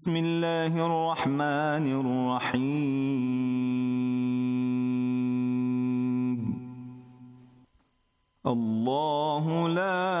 بسم الله الرحمن الرحيم الله لا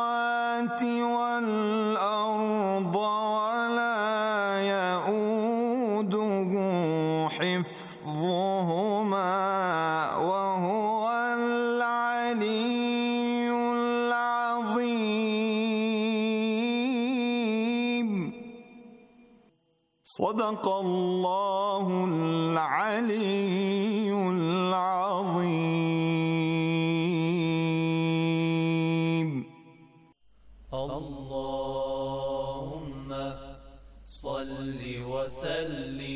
وسلم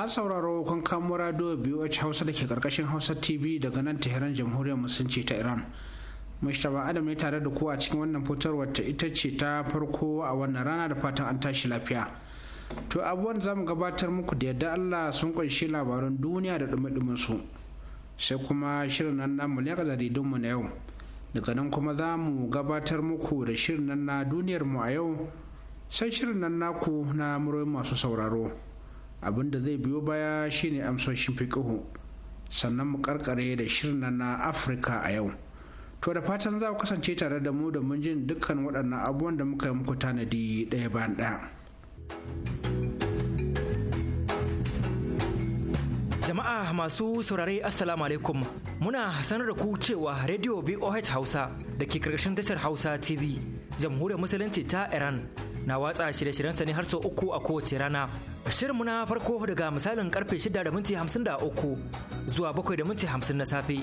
masu sauraro kan kamo radio BOH Hausa da ke karkashin Hausa TV daga nan Tehran Jamhuriyar Musulunci ta Iran. Mashtaba Adam ne tare da kowa cikin wannan fitar ta ita ce ta farko a wannan rana da fatan an tashi lafiya. To abubuwan za mu gabatar muku da yadda Allah sun kunshi labaran duniya da dumi su. Sai kuma shirin nan namu ne ga mu na yau. Daga nan kuma za mu gabatar muku da shirin nan na duniyar mu a yau. Sai shirin nan naku na murai masu sauraro. abin da zai biyo baya shine amsoshin fiƙihu sannan mu karkare da shirin na afirka a yau to da fatan za ku kasance tare da mu da mun jin dukkan waɗannan abubuwan da muka yi muku tanadi ɗaya bayan ɗaya Jama'a masu saurare Assalamu alaikum muna sanar da ku cewa Radio VOH Hausa da ke karkashin tashar Hausa TV jamhuriyar musulunci ta Iran na watsa shirye-shiryensa ne har sau uku a kowace rana. Shirinmu na farko daga misalin karfe 6 da minti 53 zuwa 7 da minti 50 na safe.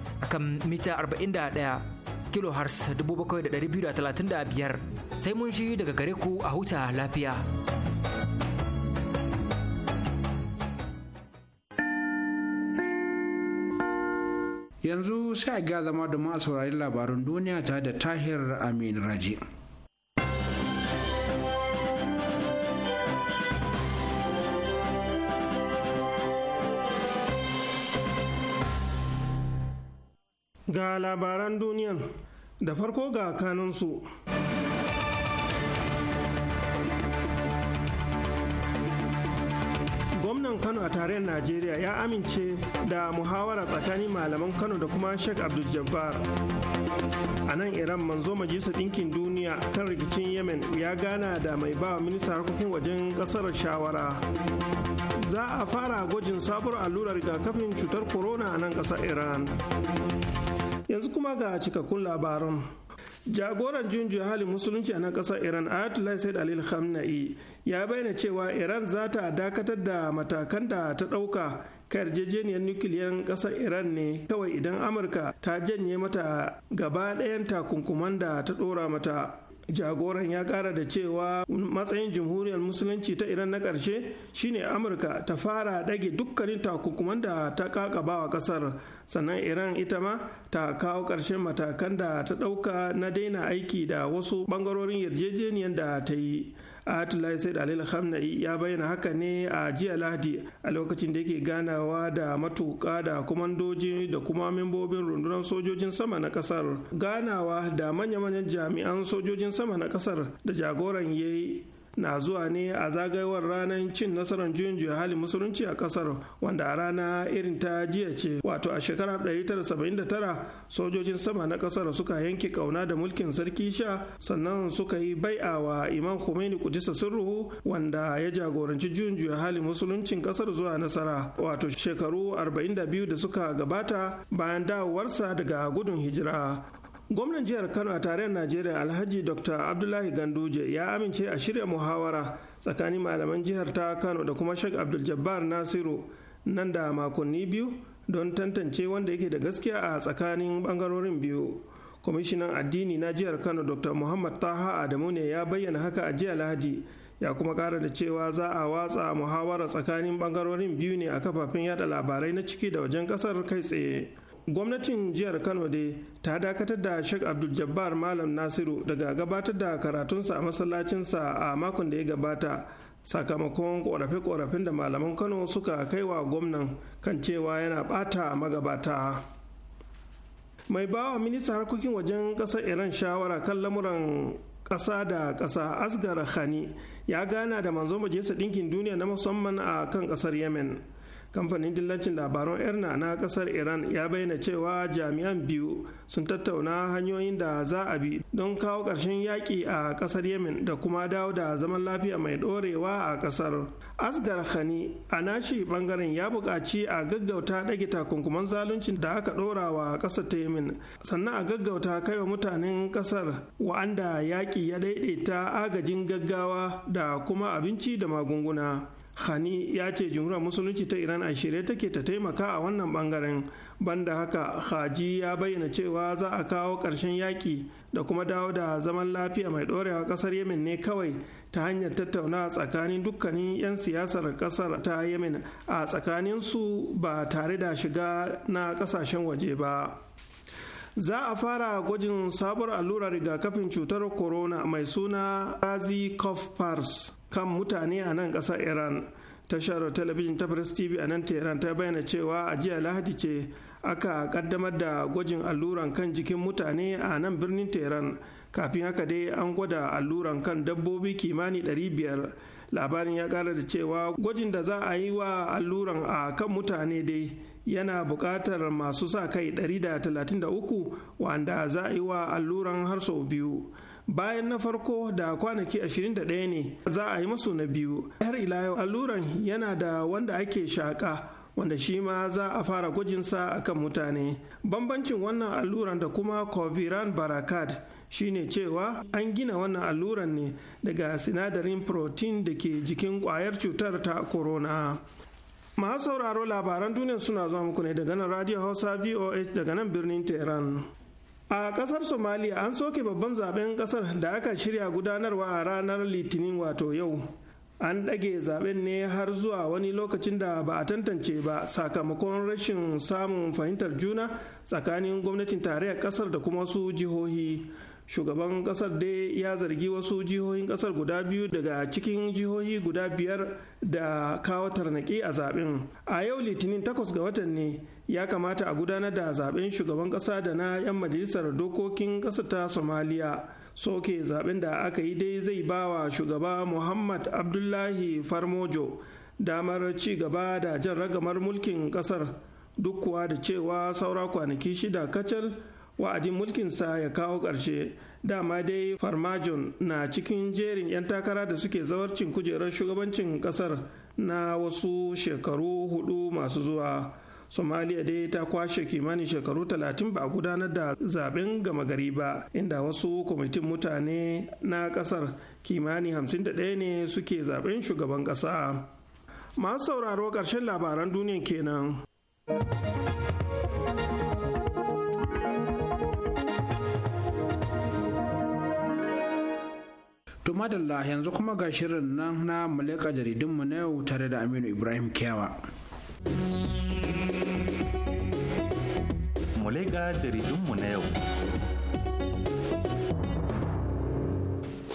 kan mita 41 kilohertz 7,235 sai mun shi daga gare ku a huta lafiya. Yanzu sai a ga zama da masu saurarin labarun duniya ta da Tahir Amin Raji. ga labaran duniyan da farko ga kanunsu gwamnan kano a tarayyar najeriya ya amince da muhawara tsakanin malaman kano da kuma sheikh abdul jabbar a nan iran manzo majalisar ɗinkin duniya kan rikicin yemen ya gana da mai bawa minista harkokin wajen ƙasar shawara za a fara gwajin sabuwar allurar rigakafin cutar corona a nan ƙasar iran yanzu kuma ga cikakkun labaran jagoran junju halin musulunci a nan kasar iran ayatollah said alil khamenei ya bayyana cewa iran za ta dakatar da matakan da ta ɗauka ka yarjejeniyar nukiliyar kasar iran ne kawai idan amurka ta janye mata gaba ɗayan takunkuman da ta ɗora mata jagoran ya kara da cewa matsayin jamhuriyar musulunci ta iran na ƙarshe shine amurka ta fara dage dukkanin takunkuman da ta kakaba wa kasar sannan iran ita ma ta kawo karshen matakan da ta ɗauka na daina aiki da wasu ɓangarorin yarjejeniyar da ta yi Atulai sai Alil Hamnai ya bayyana haka ne a jiya Lahadi a lokacin da yake ganawa da matuƙa da kumandoji da kuma membobin rundunar sojojin sama na kasar Ganawa da manya-manyan jami'an sojojin sama na kasar da jagoran yayi na zuwa ne a zagayowar ranar cin nasarar juyin juya hali musulunci a kasar wanda a rana irin ta jiya ce wato a shekarar 1979 sojojin sama na kasar suka yanke kauna da mulkin sarki sha sannan suka yi bai'a wa imam khomeini kudisa sirruhu wanda ya jagoranci juyin juya hali musuluncin kasar zuwa nasara wato shekaru 42 da suka gabata bayan dawowarsa daga gudun hijira gwamnan jihar kano a tarayyar najeriya alhaji dr abdullahi ganduje ya amince a shirya muhawara tsakanin malaman jihar ta kano da kuma sheikh abdul jabbar nasiru nan da makonni biyu don tantance wanda yake da gaskiya a tsakanin bangarorin biyu kwamishinan addini na jihar kano dr muhammad taha adamu ne ya bayyana haka a jiya lahadi ya kuma kara da cewa za a watsa muhawara tsakanin bangarorin biyu ne a kafafen yada labarai na ciki da wajen kasar kai tsaye gwamnatin jihar kano dai ta dakatar da sheikh abdul jabbar malam nasiru daga gabatar da karatunsa a masallacinsa a makon da ya gabata sakamakon korafe-korafen da malaman kano suka kai wa gwamnan kan cewa yana bata magabata mai bawa ministan harkokin wajen kasar iran shawara kan lamuran ƙasa da ƙasa asgar khani ya gana da manzon majalisar ɗinkin duniya na musamman a kan ƙasar yemen kamfanin dillancin labaran erna na kasar iran ya bayyana cewa jami'an biyu sun tattauna hanyoyin da za a bi don kawo ƙarshen yaƙi a ƙasar yemen da kuma dawo da zaman lafiya mai ɗorewa a ƙasar asgar khani a nashi ɓangaren ya buƙaci a gaggauta ɗage takunkuman zaluncin da aka ɗora wa ƙasar ta yemen sannan a gaggauta kai wa mutanen ƙasar wa'anda yaƙi ya daidaita agajin gaggawa da kuma abinci da magunguna hani ya ce jumhuriyar musulunci ta iran a shirye take ta taimaka a wannan bangaren banda haka haji ya bayyana cewa za a kawo ƙarshen yaƙi da kuma dawo da zaman lafiya mai ɗorewa ƙasar yemen ne kawai ta hanyar tattaunawa tsakanin dukkanin 'yan siyasar ƙasar ta yemen a tsakaninsu ba tare da shiga na ƙasashen waje ba za a fara gwajin sabuwar allurar rigakafin cutar corona mai suna razi pars kan mutane a nan ƙasar iran tashar talabijin ta press tv a nan tehran ta bayyana cewa a jiya lahadi ce aka kaddamar da gwajin alluran kan jikin mutane a nan birnin tehran kafin haka dai an gwada alluran kan dabbobi kimani 500 labarin ya kara da cewa gwajin da za a yi wa alluran a kan mutane dai yana buƙatar masu sa kai 133 wanda za a yi wa alluran har sau biyu bayan na farko da kwanaki 21 ne za a yi masu na biyu har ila yau alluran yana da wanda ake shaƙa wanda shi ma za a fara gwajinsa akan mutane bambancin wannan alluran da kuma coviran barakat shine cewa an gina wannan alluran ne daga sinadarin protein da ke jikin kwayar cutar ta corona masu sauraro labaran duniya suna zuwa muku ne daga nan radio hausa voh daga nan birnin tehran a kasar somalia an soke babban zaben kasar da aka shirya gudanarwa a ranar litinin wato yau an ɗage zaben ne har zuwa wani lokacin da ba a tantance ba sakamakon rashin samun fahimtar juna tsakanin gwamnatin tarayyar kasar da kuma wasu jihohi shugaban kasar dai ya zargi wasu jihohin kasar guda biyu daga cikin jihohi guda biyar da kawo tarnaki a zaben a yau litinin takwas ga watan ne ya kamata a gudanar da zaben shugaban kasa da na 'yan majalisar dokokin kasar ta somaliya soke zaben da aka yi dai zai bawa wa shugaba muhammad abdullahi farmojo damar ci gaba da jan ragamar mulkin kasar duk kuwa da cewa saura kwanaki shida kacal wa'adin mulkinsa ya kawo ƙarshe dama dai farmajon na cikin jerin 'yan takara da suke zawarcin kujerar shugabancin ƙasar na wasu shekaru hudu masu zuwa somaliya dai ta kwashe kimanin shekaru talatin ba a gudanar da zaben gama gari ba inda wasu kwamitin mutane na kasar kimanin 51 ne suke zaben shugaban kasa masu sauraro ƙarshen labaran duniya kenan. To madalla yanzu kuma ga shirin nan na malika jaridunmu na yau tare da Aminu Ibrahim Kiyawa. Muleka jaridunmu na yau.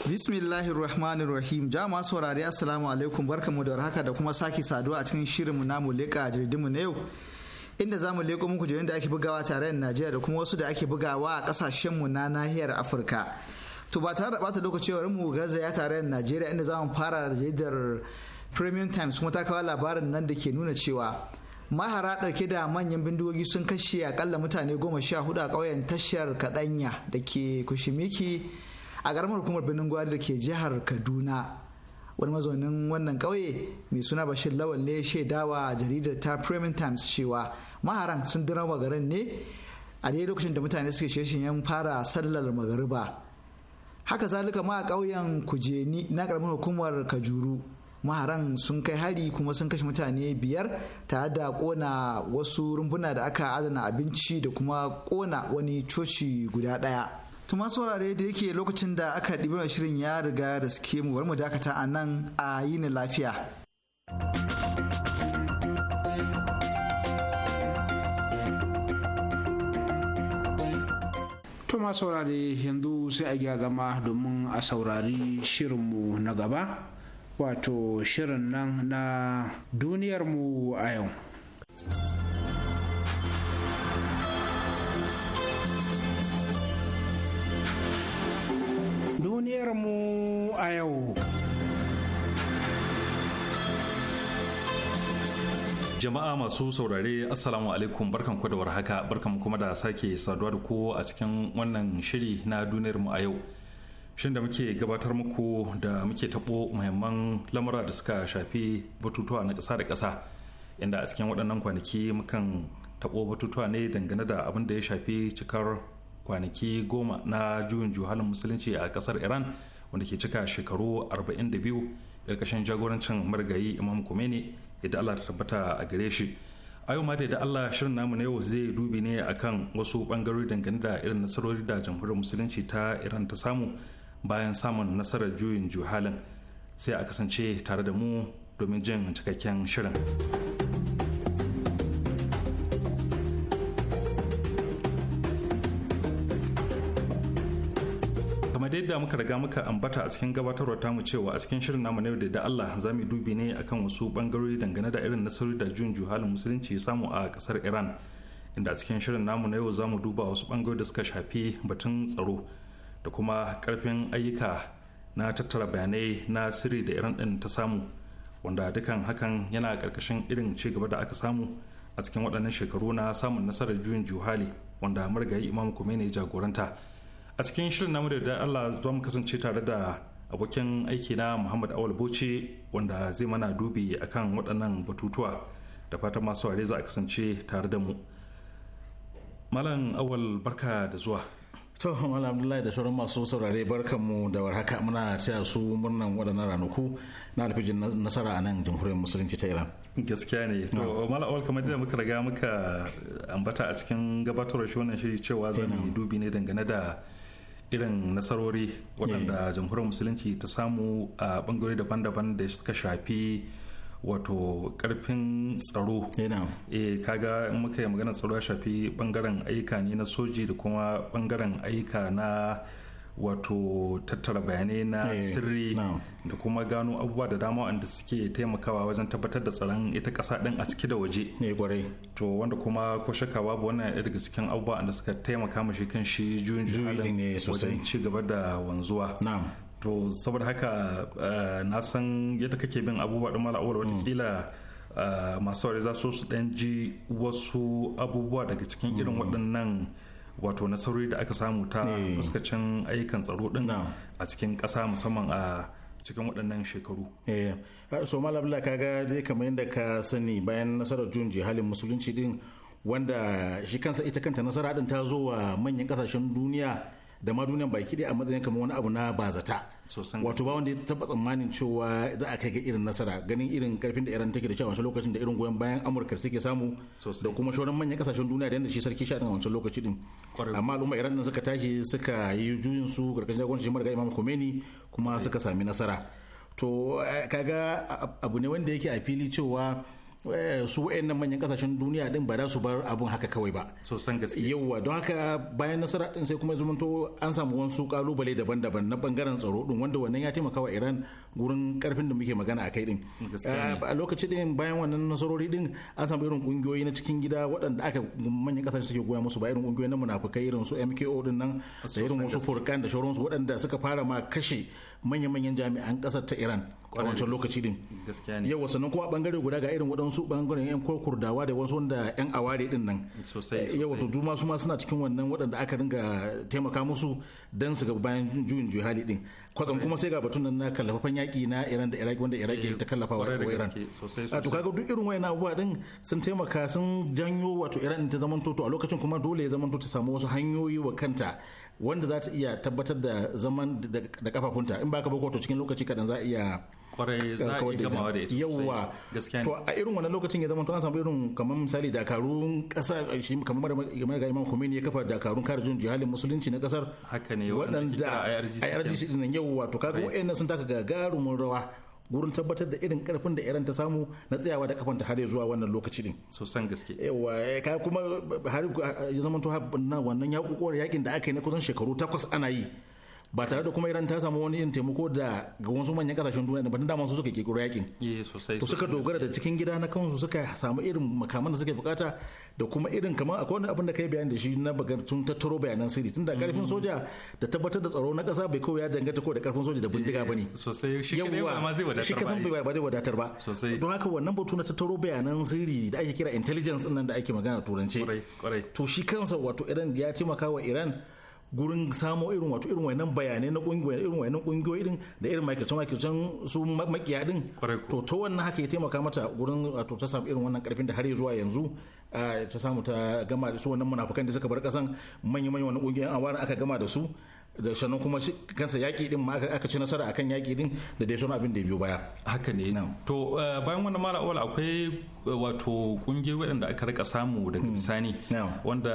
Bismillahirrahmanirrahim. Ja masu saurari Assalamu alaikum barkamu da warhaka da kuma sake saduwa a cikin shirinmu na muleka jaridunmu na yau. Inda zamu mu leko muku jaridun da ake bugawa tare da Najeriya da kuma wasu da ake bugawa a kasashenmu na nahiyar Afirka. to ba tare da bata wa mu garzaya tare da najeriya inda zamu fara jaridar premium times kuma ta kawo labarin nan da ke nuna cewa mahara ɗauke da manyan bindigogi sun kashe akalla mutane goma sha hudu a ƙauyen tashar kaɗanya da ke kushimiki a ƙaramar hukumar birnin gwari da ke jihar kaduna wani mazaunin wannan ƙauye mai suna bashir lawal ne shaidawa jaridar ta premium times cewa maharan sun dirawa garin ne a daidai lokacin da mutane suke sheshin yan fara sallar magariba haka zalika ma a ƙauyen kujeni na ƙaramin hukumar kajuru maharan sun kai hari kuma sun kashe mutane biyar tare da kona wasu rumbuna da aka adana abinci da kuma kona wani coci guda ɗaya. tuma saurare wurare da yake lokacin da aka ɗibi shirin ya riga da suke mu bari mu dakata a nan a yi lafiya. to ma saurari yanzu sai a gya zama domin a saurari shirinmu na gaba wato shirin nan na duniyarmu a yau mu a yau Jama'a masu saurare Assalamu alaikum barkan ku da warhaka barkan kuma da sake saduwa da ku a cikin wannan shiri na duniyar mu a yau. Shin da muke gabatar muku da muke tabo muhimman lamura da suka shafi batutuwa na kasa da kasa inda a cikin waɗannan kwanaki mukan tabo batutuwa ne dangane da abin da ya shafi cikar kwanaki goma na juyin juhalin musulunci a ƙasar Iran wanda ke cika shekaru 42 ƙarƙashin jagorancin marigayi Imam Khomeini idan Allah ta tabbata a gare shi a yau ma da idan Allah shirin namu na yau zai dubi ne akan wasu bangarori dangane da irin nasarori da jamhuriyar musulunci ta Iran ta samu bayan samun nasarar juyin juhalin sai a kasance tare da mu domin jin cikakken shirin. yadda muka riga muka ambata a cikin gabatarwar tamu cewa a cikin shirin namu na yau da Allah za mu dubi ne akan wasu bangarori dangane da irin nasarori da jun juhalin musulunci ya samu a kasar Iran inda a cikin shirin namu na yau za mu duba wasu bangarori da suka shafi batun tsaro da kuma karfin ayyuka na tattara bayanai na sirri da iran din ta samu wanda dukan hakan yana karkashin irin ci gaba da aka samu a cikin waɗannan shekaru na samun nasarar juyin juhali wanda marigayi imam ne jagoranta a cikin shirin namu da Allah za mu kasance tare da abokin aiki na Muhammad Awal Bauchi wanda zai mana dubi akan waɗannan batutuwa da fatan masu ware za a kasance tare da mu. Malam Awal barka da zuwa. To Malam Abdullahi da sauran masu saurare barkan mu da warhaka muna taya su murnan waɗannan ranaku na alfijin nasara a nan jamhuriyar musulunci ta Iran. Gaskiya ne. To Malam Awal kamar da muka riga muka ambata a cikin da shi wannan shiri cewa zan eh, dubi ne dangane da irin nasarori waɗanda eh. jamhuriyar musulunci ta samu a ɓangare daban-daban da suka shafi wato ƙarfin tsaro e kaga in muka yi magana tsaro ya shafi ɓangaren ayyuka ne na soji da kuma ɓangaren ayyuka na wato tattara bayanai na eh, sirri da kuma gano abubuwa da dama wanda suke taimakawa wajen tabbatar da tsaron ita kasa din a ciki da waje ne eh, gwarai to wanda kuma ko shaka babu wannan ɗaya daga cikin abubuwa da suka taimaka mashi kan shi juyin juyin wajen ci gaba da wanzuwa to saboda haka eh, na san yadda kake bin abubuwa ɗin mala'uwar kila hmm. masu za su ɗan ji wasu abubuwa daga cikin irin hmm. waɗannan wato nasarori da aka samu ta eh. fuskacin ayyukan tsaro din a cikin ƙasa musamman a cikin waɗannan shekaru. Eh. Ah, so malabla ga dai kamar yadda ka sani bayan nasarar jun halin musulunci din wanda shi kansa ita kanta nasara din ta zo wa manyan kasashen duniya da ma duniyan baki dai a matsayin kamar wani abu na bazata wato ba wanda ya taba tsammanin cewa za a kai ga irin nasara ganin irin karfin da iran take da shi a wancan lokacin da irin goyon bayan amurka take samu da kuma shoran manyan kasashen duniya da yadda shi sarki sha a wancan lokaci din amma al'umma iran din suka tashi suka yi juyin su karkashin jagorancin marigayi imam khomeini kuma suka sami nasara to eh, kaga abu ne wanda yake a fili cewa Eh, su nan manyan kasashen duniya din ba za su bar abun haka kawai ba sosan gaske yawa don haka bayan nasara din sai kuma zumunto an samu wasu kalubale daban-daban na bangaren tsaro din wanda wannan ya taimaka wa Iran gurin karfin da muke magana a kai din eh, a lokacin din bayan wannan nasarori din an samu irin kungiyoyi na cikin gida waɗanda aka manyan kasashe suke goya musu ba irin kungiyoyi na munafukai irin su MKO din nan da irin wasu furkan da shauransu waɗanda suka fara ma kashe manya-manyan jami'an ƙasar ta Iran a wancan lokaci din yawa sannan kuma bangare guda ga irin waɗansu bangaren yan kurdawa da wasu wanda yan aware din nan eh, yawa to duma su ma suna cikin wannan waɗanda aka ringa taimaka musu don su ga bayan juyin juhali din kwatsam kuma sai ga batun nan na kallafafan yaƙi na Iran da Iraki wanda Iraki eh, ta kallafa wa Iran a to kaga duk irin wayan abubuwa din sun taimaka sun janyo wato Iran ta zamanto to a lokacin kuma dole ya zamanto ta samu wasu hanyoyi wa kanta wanda za ta iya tabbatar da zaman da kafafunta in ba ka bako to cikin lokaci kadan za a iya kwarai eh, za a iya gamawa da ita yawa to a irin wannan lokacin ya zama to an samu irin kamar misali dakarun kasar eh, shi kamar da Imam Khomeini ya kafa dakarun kare jin jihalin musulunci na kasar haka ne waɗanda IRGC din Yawwa to kaga wayannan sun taka gagarumin rawa gurin tabbatar da irin karfin da iran ta samu na tsayawa da kafanta har zuwa wannan lokaci din san gaske yawa eh, ka kuma har ya zama to na wannan yakukuwar yakin da aka yi na kusan shekaru takwas ana yi ba tare da kuma iran ta samu wani irin taimako da ga wasu manyan kasashen duniya da batun damar su suka kekiro yakin eh, to suka dogara da cikin gida na kansu suka samu irin makaman da suke bukata da kuma irin kamar akwai wani abin da kai bayani da shi na tun tattaro bayanan sirri tun da karfin mm-hmm. soja da tabbatar da tsaro na kasa bai kawai ya danganta ko da karfin soja da bindiga bane eh, sosai shi kadai ba zai wadatar ba shi kasan ba zai wadatar ba don haka wannan batu na tattaro bayanan sirri da ake kira intelligence nan da ake magana turance to shi kansa wato iran ya taimaka wa iran gurin samo irin wato irin wayannan bayanai na kungiyoyi irin wayannan kungiyoyi din da irin ma'aikatan ma'aikatan su makiya din to to wannan haka ya taimaka mata gurin wato ta samu irin wannan karfin da har zuwa yanzu ta samu ta gama da su wannan munafukan da suka bar kasan manya manyan wannan kungiyoyin awara aka gama da su da sannan kuma kansa yaƙi din ma aka ci nasara akan yaƙi din da dai sauran abin da biyo baya haka ne to eh, bayan wannan mara awal akwai eh, wato kungiyoyi waɗanda aka rika samu daga hmm. bisani wanda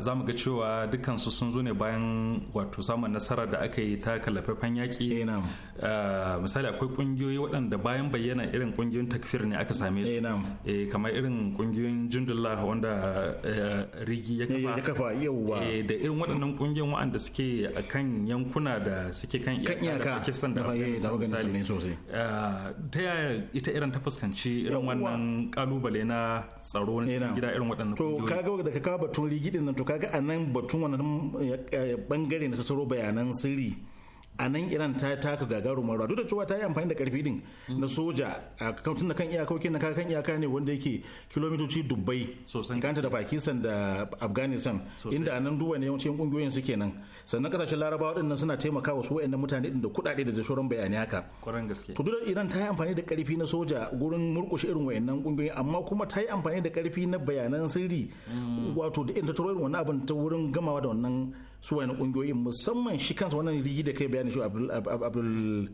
za mu ga cewa dukkan su sun zo ne bayan wato samun nasara da aka yi ta kallafafan yaƙi eh, misali akwai kungiyoyi waɗanda bayan bayyana irin kungiyoyin takfir ne aka same su kamar irin kungiyoyin jundullah wanda rigi ya kafa da irin waɗannan kungiyoyin waɗanda suke kan. kan yankuna da suke kan iyaka da Pakistan da eh, Afghanistan sosai eh, ta yaya ita irin ta fuskanci irin wannan kalubale na tsaro na cikin gida irin waɗannan to kaga da ka kawo batun rigidin nan to kaga anan batun wannan bangare eh, na tattaro bayanan sirri a nan iran ta taka gagarumar rawa duk da cewa ta yi amfani da karfi din na soja a kamtun da kan iyakoki na kakan iyaka ne wanda yake kilomitoci dubbai kanta da pakistan da afghanistan inda a nan duwa ne yawancin kungiyoyin su nan sannan kasashen larabawa din nan suna taimaka su wayannan mutane din da kudade da shoran bayani haka kwaran gaske to duk da iran ta yi amfani da karfi na soja gurin murkushe irin wayannan kungiyoyin amma kuma ta yi amfani da karfi na bayanan sirri mm. wato da ta turo irin wani abin ta wurin gamawa da wannan su wani kungiyoyin musamman shi kansa wannan rigi da kai bayani shi abdul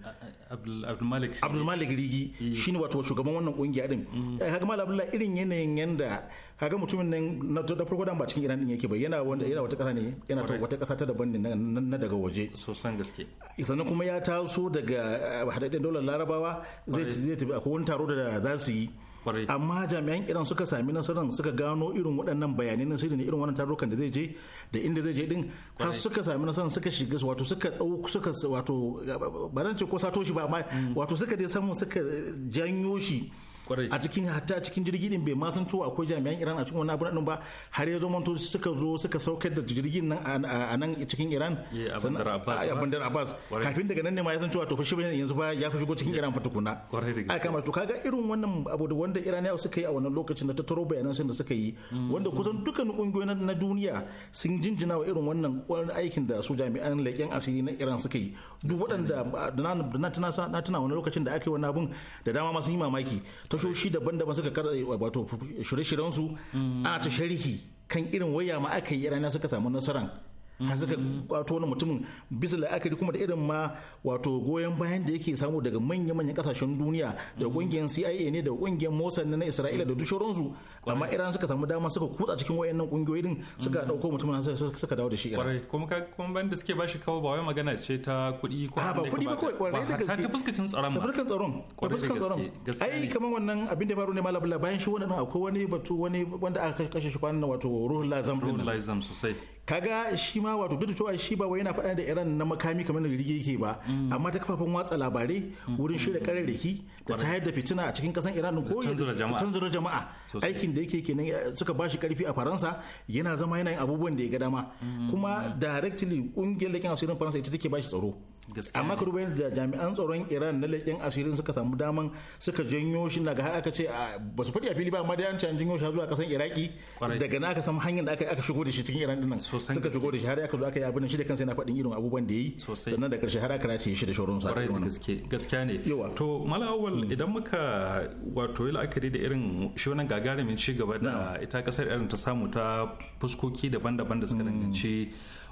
malik rigi eh. shi ne wato shugaban wannan kungiya din mm. eh, kaga malam abdullahi irin yanayin yanda kaga mutumin nan da farko dan ba cikin iran din yake ba yana yana wata kasa ne yana wata kasa ta daban ne na daga waje sosan gaske eh, sannan kuma ya taso daga hadaddin daular larabawa zai tafi akwai wani taro da za su yi amma jami'an iran suka sami nasarar suka gano irin waɗannan bayanai na sirri irin wannan tarukan da zai je da inda zai je din har suka sami nasarar suka shiga wato suka ɗau suka wato ba zan ce ko sato shi ba amma mm. wato suka je samu suka janyo shi a cikin hatta cikin jirgin din bai ma san cewa akwai jami'an Iran a cikin wani abun ba har ya zo suka zo suka saukar da jirgin nan a nan cikin Iran a bandar Abbas kafin daga nan ne ma ya san cewa to fa shi yanzu ba ya fi shigo cikin Iran fa tukuna a kamar to kaga irin wannan abu da wanda ya suka yi a wannan lokacin da ta taro bayanan sun da suka yi mm-hmm. wanda kusan dukkan kungiyoyi na duniya sun jinjina wa irin wannan aikin da su jami'an leƙen asiri na Iran suka yi duk waɗanda na tuna wani lokacin da aka yi wani abun da dama ma sun yi mamaki to tashoshi daban-daban suka karɓa wato shirye shiryensu ana ta sharhi kan irin waya ma aka yi ranar suka samu nasaran har suka mm-hmm. kwato wani mutumin bisa la'akari kuma da irin ma wato goyon bayan da yake samu daga manya-manyan kasashen duniya da kungiyar mm-hmm. CIA ne da kungiyar Mossad na Isra'ila da dushoronsu amma Iran suka samu dama suka kutsa cikin wayannan kungiyoyi din suka dauko mm-hmm. mutumin suka dawo da shi Iran kuma kuma ban da suke bashi kawo ba wai magana ce ta kuɗi ko ba kuɗi ba kwarai da gaske ta fuskacin tsaron ta fuskacin tsaron ta fuskacin tsaron ai kaman wannan abin da faru ne malabla bayan shi wannan akwai wani batu wani wanda aka kashe shi kwanan wato ruhul lazam ruhul lazam sosai kaga shi ma wato duk da cewa shi ba wai yana faɗa da iran na makami kamar da rige yake ba mm. amma ta kafafen watsa labarai mm. wurin shirya kararraki da ta da fitina a cikin kasan iran ko canzura jama'a aikin da yake kenan eh, suka ba shi karfi a faransa yana zama yana yin abubuwan da ya ga dama mm. kuma directly ƙungiyar lakin asirin faransa ita take ba tsaro amma ka duba yadda jami'an tsaron iran na leƙen asirin suka samu daman suka janyo shi daga har aka ce ba su faɗi a fili ba amma dai an can janyo shi zuwa kasan iraki daga na aka samu hanyar da aka shigo da shi cikin iran dinnan suka shigo da shi har aka zo aka yi abin shi da kansa yana faɗin irin abubuwan da ya yi sannan da karshe har aka race shi da shaurin sa gaske gaskiya ne to malawal mm. idan muka wato yi la'akari da irin shi wannan gagarumin ci gaba da ita kasar iran ta samu ta fuskoki daban-daban da suka mm. danganci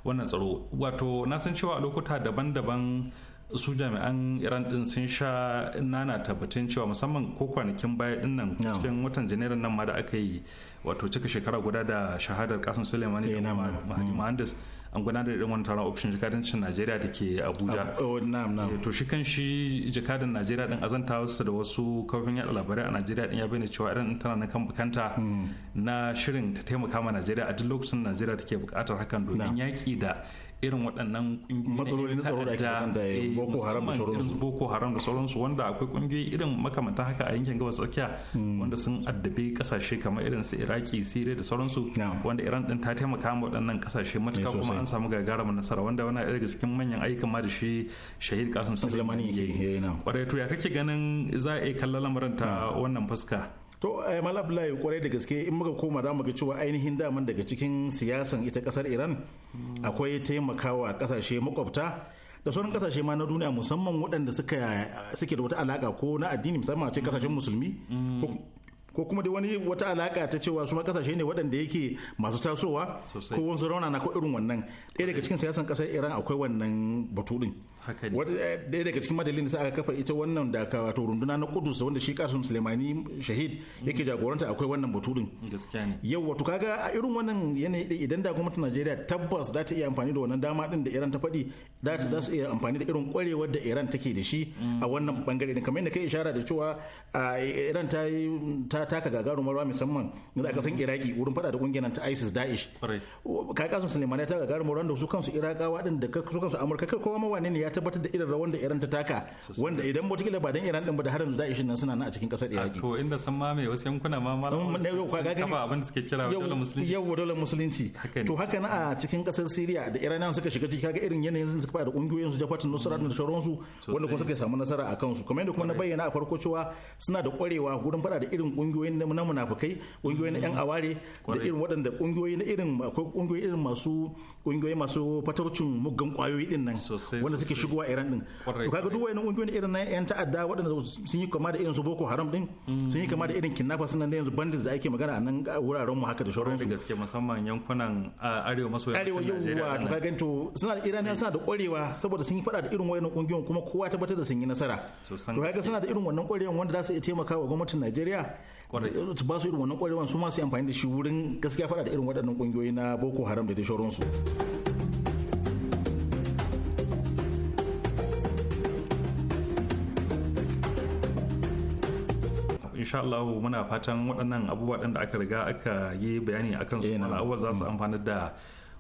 wannan tsaro wato na san cewa a lokuta daban-daban su jami'an iran din sun sha nana tabbatin cewa musamman ko kwanakin baya din nan cikin watan janairun nan ma da aka yi wato cika shekara guda da shahadar kasan suleimani da eh, mm. muhandis an gudanar da wani taron ofishin jakadancin najeriya da ke abuja ah, oh, eh, to shi kan shi jakadan najeriya din azanta wasu da wasu kafin yaɗa labarai a najeriya din ya bayyana cewa irin tana na kan bukanta hmm. na shirin ta taimaka ma najeriya a duk lokacin najeriya take bukatar hakan domin yaki da irin waɗannan matsaloli na tsaro da ake kanta eh, boko haram da sauransu boko haram da sauransu wanda akwai kungiyoyi irin makamantan haka a yankin gabas tsakiya hmm. wanda sun addabi kasashe kamar irin su iraki siriya da sauransu wanda iran din ta taimaka ma waɗannan kasashe eh, matuka kuma an samu gagarumin nasara wanda wani daga cikin manyan ayyukan ma da shi shahid kasim sulemani ya yi kwarai eh, to ya kake ganin za a iya kalla lamarin ta wannan fuska To eh, Malam Abdullahi kwarai da gaske in muka koma da ga cewa ainihin daman daga cikin siyasan ita kasar Iran akwai taimakawa kasashe makwabta da sauran kasashe ma na duniya musamman waɗanda suke da wata alaka ko na addini musamman a ce kasashen musulmi ko kuma da wani wata alaka ta cewa su kasashe ne waɗanda yake masu tasowa ko wasu rauna na ko irin wannan ɗaya daga cikin siyasan ƙasar iran akwai wannan batu din eh, ɗaya daga cikin madalin da sa aka kafa ita wannan da ka wato runduna na kudus wanda shi kasu sulemani shahid yake mm. jagoranta akwai wannan batu din yau wato kaga a irin wannan yanayi idan da gwamnatin najeriya tabbas za ta iya amfani da wannan dama din da iran ta faɗi za su iya amfani da irin kwarewar da iran take da shi mm. a wannan bangare ne kamar yadda kai ishara da cewa iran ta ta taka gagarumar ruwa musamman yanzu aka san iraki wurin fada da kungiyar ta isis daesh kai kasan suleiman ya taka gagarumar rawa da su kansu irakawa din da su kansu amurka kai kowa mawane ne ya tabbatar da irin rawan da iran ta taka wanda idan mutukila ba dan iran din ba da harin yanzu daesh nan suna nan a cikin kasar iraki to inda san ma mai wasu yankuna ma malamin mm, kafa abin da suke kira dole musulunci yau dole musulunci to haka na a cikin kasar syria da nan suka shiga ciki kaga irin yanayin suka fada da kungiyoyin su jafatun nusra da shoronsu wanda kuma suka samu nasara a kansu kamar yadda kuma na bayyana a farko cewa suna da kwarewa gurin fada da irin kungiyoyin na munafukai kungiyoyin yan aware da irin waɗanda kungiyoyi na irin akwai kungiyoyi irin masu kungiyoyi masu fatarcin muggan kwayoyi din nan wanda suke shigowa Iran din to kaga duk wayannan kungiyoyi irin na yan ta'adda waɗanda sun yi kama da irin su Boko Haram din sun yi kama da irin kidnappers nan da yanzu bandits da ake magana a nan wuraren mu haka da shauran su gaske musamman yankunan arewa maso yammacin Najeriya arewa to kaga to suna da Iran suna da kwarewa saboda sun yi fada da irin wayannan kungiyoyin kuma kowa tabbatar da sun yi nasara to kaga suna da irin wannan kwarewan wanda za su iya taimaka wa gwamnatin Najeriya kwarai eh, ba su irin wannan kwarewan su ma amfani da shi wurin gaskiya fada da irin waɗannan kungiyoyi na boko haram da dai su. insha Allah muna fatan waɗannan abubuwa ɗin da aka riga aka yi bayani akan su eh, mala'awar za su amfani da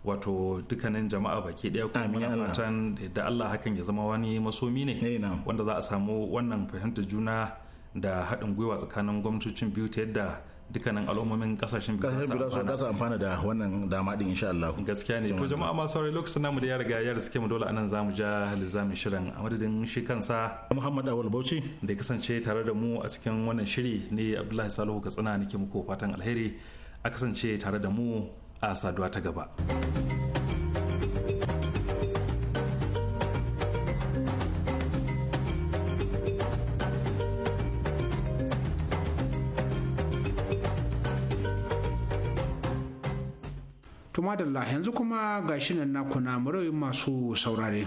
wato dukkanin jama'a baki ɗaya kuma muna fatan da Allah hakan ya zama wani masomi ne eh, wanda za a samu wannan fahimtar juna da haɗin gwiwa tsakanin gwamnatocin biyu ta yadda dukkanin al'ummomin kasashen biyu za su amfana da wannan dama din insha Allah gaskiya ne to jama'a masu sauri lokacin namu da ya riga ya riske mu dole anan zamu ja lizamin shirin a madadin shi kansa Muhammad Awal Bauchi da ya kasance tare da mu a cikin wannan shiri ne Abdullahi Salihu Katsina nake muku fatan alheri a kasance tare da mu a saduwa ta gaba. tuma da yanzu kuma ga shi nan naku na masu saurare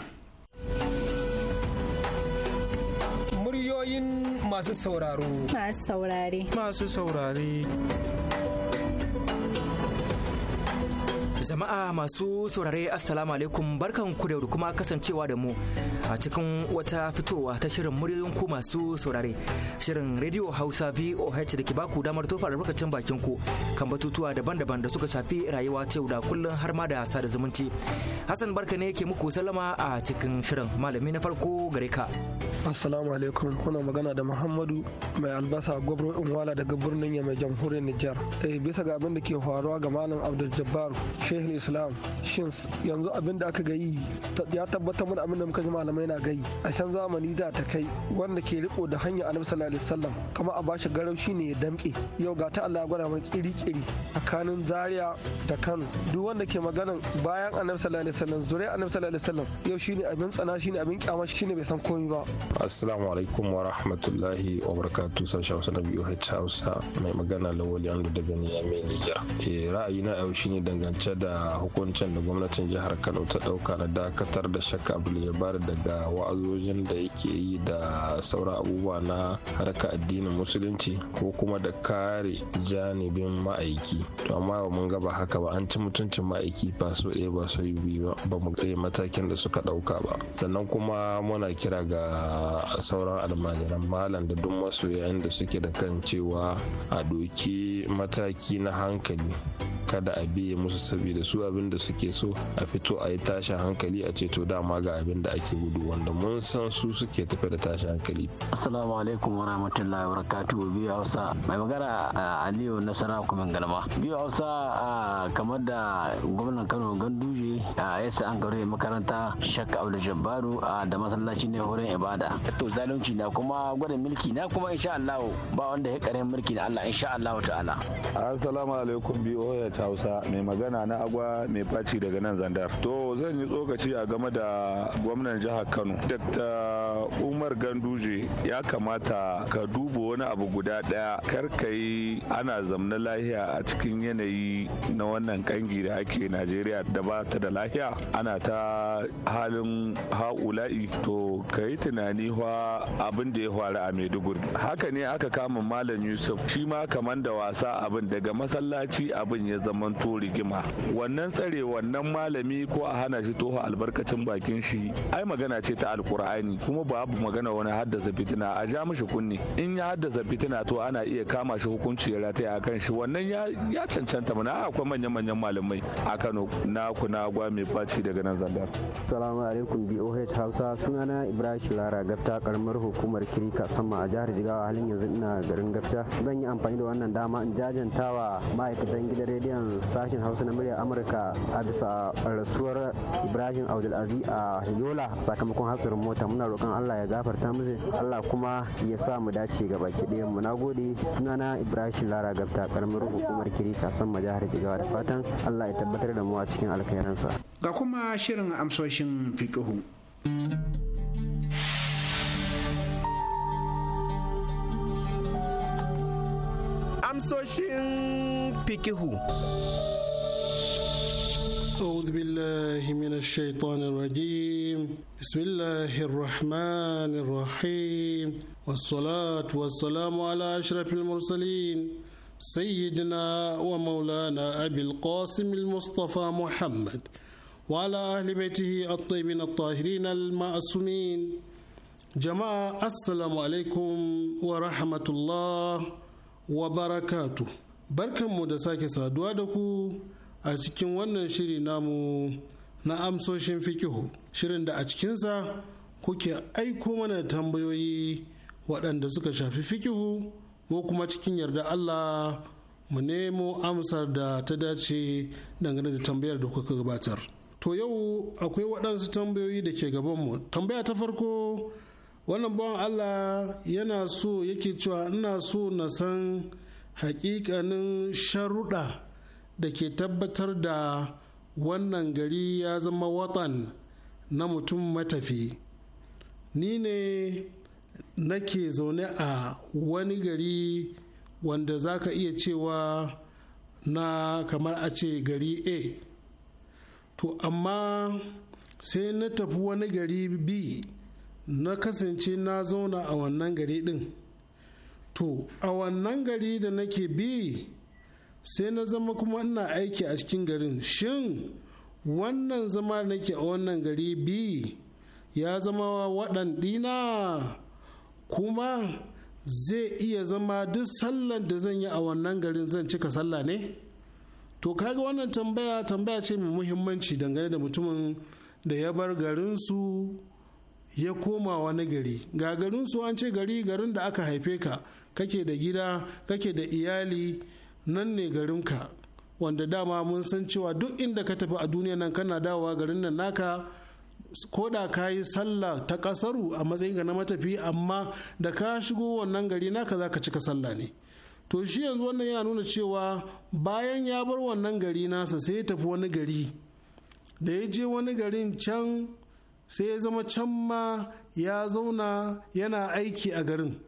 muryoyin masu sauraro masu saurare masu saurare Jama'a masu saurare Assalamu alaikum barkan ku da kuma kasancewa da mu a cikin wata fitowa ta shirin muryoyin ku masu saurare. Shirin Radio Hausa VOH da ke baku damar tofa albarkacin bakin ku kan batutuwa daban-daban da suka shafi rayuwa ta yau da kullum har ma da sada zumunci. Hassan barka ne ke muku sallama a cikin shirin malami na farko gare ka. Assalamu alaikum kuna magana da Muhammadu mai albasa gwabro unwala daga birnin Yamai jamhuriyar Nijar. Eh, bisa ga abin da ke faruwa ga malam Abdul Jabbar shehul islam shin yanzu abin da aka gayi ya tabbatar mana abin da muka ji malamai na gayi a can zamani da ta kai wanda ke riko da hanya annabi sallallahu alaihi wasallam kama a bashi garaushi ne ya damke yau ga ta Allah gwada mai kiri-kiri tsakanin Zaria da Kano duk wanda ke maganan bayan annabi sallallahu alaihi wasallam zure annabi sallallahu alaihi wasallam yau shine abin tsana shine abin kyama shine bai san komai ba assalamu alaikum wa rahmatullahi wa barakatuh sashi Hausa na biyu Hausa mai magana Lawali Andu daga Niamey Niger eh, ra'ayi na yau shine dangance da da hukuncin da gwamnatin jihar kano ta dauka na dakatar da shakka abdul daga wa'azojin da yake yi da sauran abubuwa na harka addinin musulunci ko kuma da kare janibin ma'aiki to amma ba mun ga ba haka ba an ci mutuncin ma'aiki ba so ɗaya ba so biyu ba mu kai matakin da suka dauka ba sannan kuma muna kira ga sauran almajiran malam da duk masoyan da suke da kan cewa a doki mataki na hankali kada a biye musu sabi da su abin da suke so a fito a yi tashin hankali a ce to dama ga abin da ake gudu wanda mun san su suke tafi da tashin hankali assalamu alaikum wa rahmatullahi wa barakatuhu biyu hausa mai magana aliyu nasara kuma galma biyu hausa kamar da gwamnan kano ganduje ya sa an gaure makaranta shakka abu da jabbaru da masallaci ne wurin ibada to zalunci na kuma gwada mulki na kuma insha Allah ba wanda ya karin mulki da Allah insha Allah ta'ala assalamu alaikum biyu hausa mai magana na agwa mai faci daga nan zandar to zan yi tsokaci a game da gwamnan jihar kano dr umar ganduje ya kamata ka duba wani abu guda daya karkai ana zamna lahiya a cikin yanayi na wannan kangi da ake najeriya da ba ta da lahiya ana ta halin ha'ula'i to ka yi tunani wa abin da ya faru a maiduguri haka ne aka kama malam yusuf shi ma kamar da wasa abin daga masallaci abin ya zamanto rigima wannan tsare wannan malami ko a hana shi toho albarkacin bakin shi ai magana ce ta alkur'ani kuma babu magana wani haddasa fitina a ja mishi kunne in ya haddasa fitina to ana iya kama shi hukunci ya rataya a kan shi wannan ya cancanta mana akwai manyan manyan malamai a Kano na kuna gwa mai faci daga nan zandar salamu alaikum BOH Hausa sunana Ibrahim Lara Gafta karamar hukumar Kirika sama a jihar Jigawa halin yanzu ina garin Gafta zan yi amfani da wannan dama in jajantawa ma'aikatan gidan rediyon sashen Hausa na murya amurka a bisa rasuwar ibrahim abdulaziz a yola sakamakon hatsarin mota muna roƙon allah ya gafarta mu allah kuma ya sa mu dace ga baki ɗaya mu na gode sunana ibrahim lara gabta karamar hukumar kiri kasan majahar jigawa da fatan allah ya tabbatar da mu a cikin alkhairansa ga kuma shirin amsoshin fikihu amsoshin fikihu أعوذ بالله من الشيطان الرجيم بسم الله الرحمن الرحيم والصلاة والسلام على أشرف المرسلين سيدنا ومولانا أبي القاسم المصطفى محمد وعلى أهل بيته الطيبين الطاهرين المعصومين جماعة السلام عليكم ورحمة الله وبركاته بركة مدساك سادوا a cikin wannan shiri namu na amsoshin fikihu shirin da a cikinsa kuke aiko mana tambayoyi waɗanda suka shafi fikihu ko kuma cikin yarda Allah mu nemo amsar da ta dace dangane da tambayar da kuka gabatar. To yau akwai waɗansu tambayoyi da ke gabanmu. Tambaya ta farko wannan bawan Allah yana so yake cewa ina so na san haƙiƙanin sharuɗa da ke tabbatar da wannan gari ya zama watan na mutum matafi ni ne nake zaune a wani gari wanda za ka iya cewa na kamar a ce gari a to amma sai na tafi wani gari b na kasance na zauna a wannan gari din to a wannan gari da nake bi sai na zama kuma ina aiki a cikin garin shin wannan zama da nake a wannan gari bi ya zama waɗanɗina kuma zai iya zama duk sallar da zan yi a wannan garin zan cika sallah ne to kaga wannan tambaya tambaya ce mai muhimmanci dangane da mutumin da ya bar garinsu ya koma wani gari ga garinsu an ce gari garin da aka haife ka kake da gida kake da iyali nan ne garinka wanda dama mun san cewa duk inda ka tafi a duniya nan kana dawowa garin nan naka koda ka yi sallah ta kasaru a matsayin ga na matafi amma da ka shigo wannan gari naka za ka cika sallah ne to shi yanzu wannan yana nuna cewa bayan ya bar wannan gari nasa sai ya tafi wani gari da ya je wani garin can sai ya zama can ma ya zauna yana aiki a garin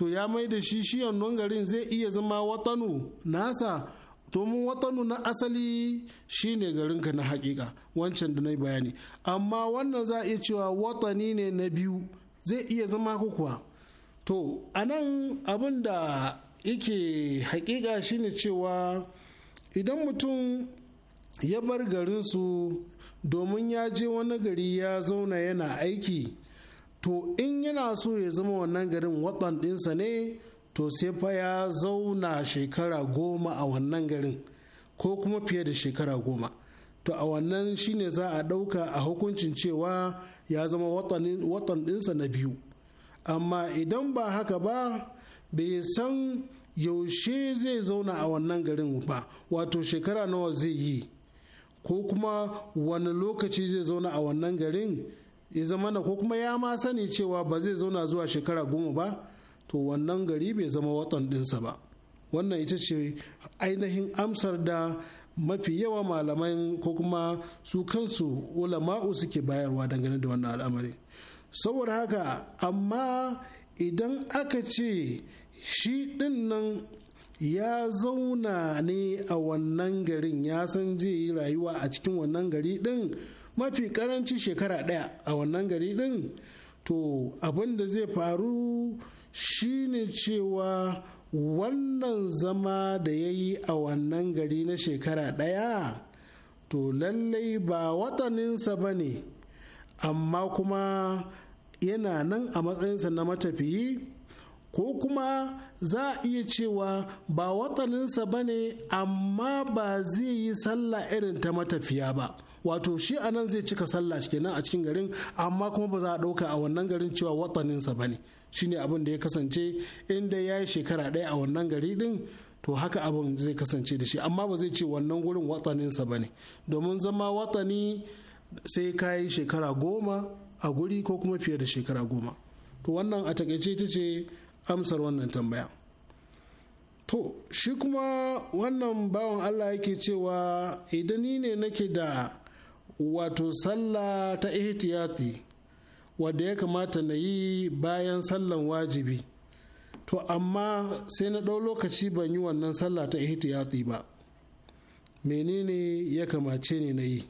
to ya mai da shi shi wannan garin zai iya zama watanu nasa domin watanu na asali shine garinka na hakika wancan da na bayani amma wannan za a iya cewa watani ne na biyu zai iya zama kuwa to anan abin da yake hakika shine cewa idan mutum ya bar garinsu domin ya je wani gari ya zauna yana aiki to in yana so ya zama wannan garin watsan ɗinsa ne to sai fa ya zauna shekara goma a wannan garin ko kuma fiye da shekara goma to a wannan shine za a ɗauka a hukuncin cewa ya zama watan ɗinsa na biyu amma idan ba haka ba bai san yaushe zai zauna a wannan garin ba wato shekara nawa zai yi ko kuma wani lokaci zai zauna a wannan garin ya zama na ko kuma ya ma sani cewa ba zai zauna zuwa shekara goma ba to wannan gari bai zama watan dinsa ba wannan ita ce ainihin amsar da mafi yawa malaman ko kuma su kansu ulama'u suke bayarwa dangane da wannan al'amari saboda haka amma idan aka ce shi din nan ya zauna ne a wannan garin ya san zai yi rayuwa a cikin wannan gari din. mafi karanci shekara ɗaya a wannan gari ɗin to abin da zai faru shine cewa wannan zama da ya yi a wannan gari na shekara ɗaya to lallai ba wataninsa ba ne amma kuma yana nan a matsayinsa na matafiyi ko kuma za a iya cewa ba wataninsa ba ne amma ba zai yi sallah irin ta matafiya ba wato shi a nan zai cika sallah kenan a cikin garin amma kuma ba za a ɗauka a wannan garin cewa watsaninsa ba ne shi ne abin da ya kasance inda ya yi shekara ɗaya a wannan gari ɗin to haka abin zai kasance da shi amma ba zai ce wannan gurin watsaninsa ba ne domin zama watsani sai ka yi shekara goma a guri ko kuma fiye da shekara goma to wannan a takaice ta ce amsar wannan tambaya to shi kuma wannan bawan allah yake cewa idan ni ne nake da wato sallah ta ihtiyati wadda ya kamata na yi bayan sallan wajibi to amma sai na ɗau lokaci ban yi wannan sallah ta ihtiyati ba menene ya kamace ne na yi